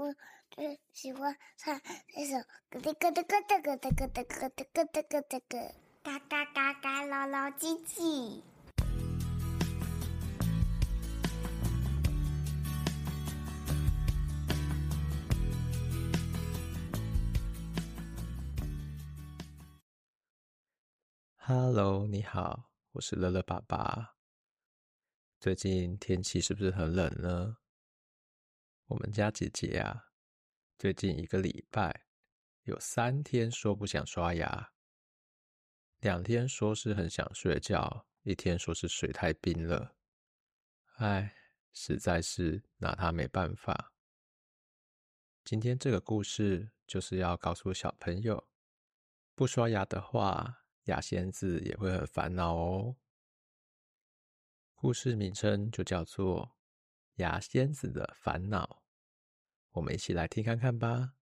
我最喜歡唱那首咯噔咯噔咯噔咯噔咯噔咯噔咯咯咯。嘎嘎嘎嘎，老老雞雞，Hello，你好，我是樂樂爸爸。最近天氣是不是很冷呢？我們家姐姐啊，最近一個禮拜有三天說不想刷牙，兩天說是很想睡覺，一天說是水太冰了。唉，實在是拿她沒辦法。今天這個故事就是要告訴小朋友，不刷牙的話，牙仙子也會很煩惱哦。故事名稱就叫做。牙仙子的煩惱，我們一起來聽看看吧。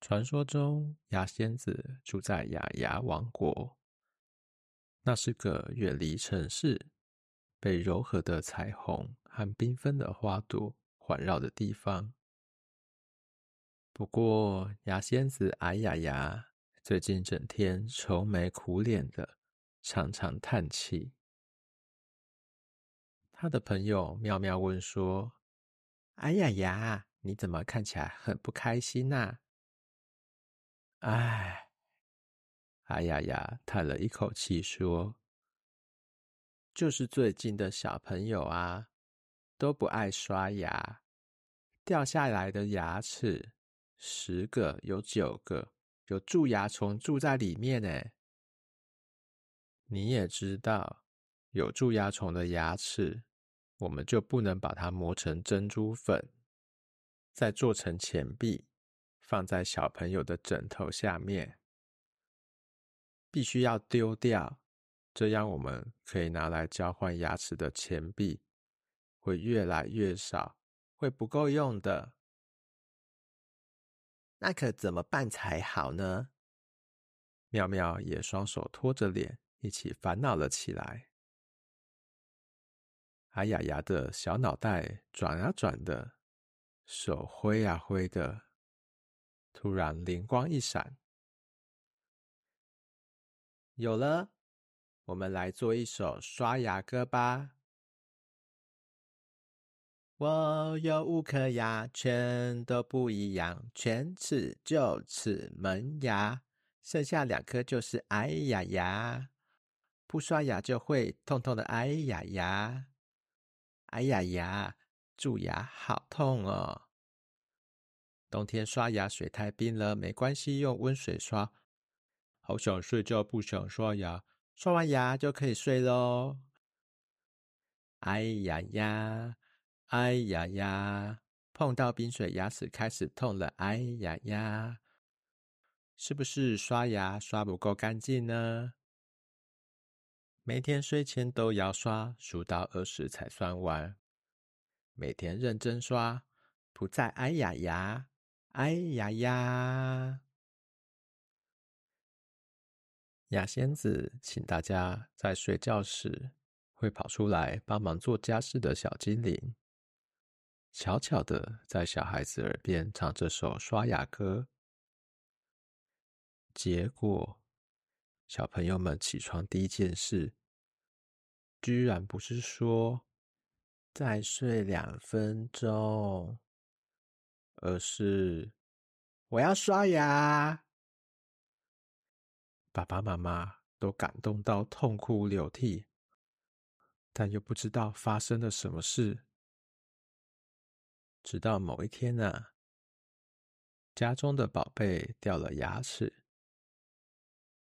傳說中，牙仙子住在雅牙王國，那是個遠離城市，被柔和的彩虹和繽紛的花朵環繞的地方。不過，牙仙子矮雅牙，最近整天愁眉苦臉的。常常嘆氣。他的朋友妙妙問說：“哎呀呀，你怎麼看起來很不開心啊？”“哎，哎呀呀，嘆了一口氣說：‘就是最近的小朋友啊，都不愛刷牙，掉下來的牙齒十個有九個有蛀牙蟲住在裡面呢。’”你也知道，有蛀牙蟲的牙齒，我們就不能把它磨成珍珠粉，再做成錢幣，放在小朋友的枕頭下面。必須要丟掉，這樣我們可以拿來交換牙齒的錢幣，會越來越少，會不夠用的。那可怎麼辦才好呢？妙妙也雙手托着臉。一起煩惱了起來。哎呀呀的小腦袋轉啊轉的，手揮啊揮的，突然靈光一閃，有了！我們來做一首刷牙歌吧。我有五顆牙，全都不一樣，犬齒、臼齒、門牙，剩下兩顆就是哎呀呀。不刷牙就會痛痛的哎，哎呀呀，哎呀呀，蛀牙好痛哦！冬天刷牙水太冰了，沒關係，用溫水刷。好想睡覺，不想刷牙，刷完牙就可以睡咯。哎呀呀，哎呀呀，碰到冰水，牙齒開始痛了，哎呀呀！是不是刷牙刷不夠乾淨呢？每天睡前都要刷，數到二十才算完。每天認真刷，不再哎呀呀哎呀呀。牙仙子，請大家在睡覺時會跑出來幫忙做家事的小精靈，悄悄的在小孩子耳邊唱這首刷牙歌。結果，小朋友們起床第一件事。居然不是說再睡兩分鐘，而是我要刷牙。爸爸媽媽都感動到痛哭流涕，但又不知道發生了什麼事。直到某一天呢、啊，家中的寶貝掉了牙齒，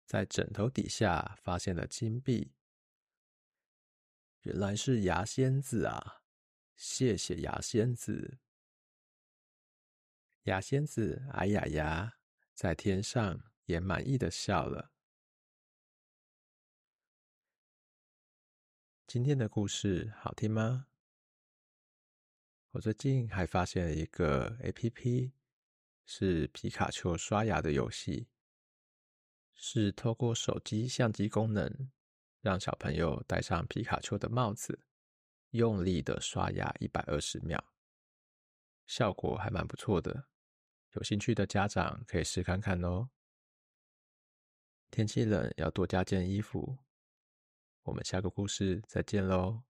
在枕頭底下發現了金幣。原來是牙仙子啊！謝謝牙仙子。牙仙子，哎呀呀，在天上也滿意的笑了。今天的故事好聽嗎？我最近還發現了一個 APP，是皮卡丘刷牙的遊戲，是透過手機相機功能。讓小朋友戴上皮卡丘的帽子，用力的刷牙一百二十秒，效果還蠻不錯的。有興趣的家長可以試看看哦。天氣冷要多加件衣服。我們下個故事再見嘍。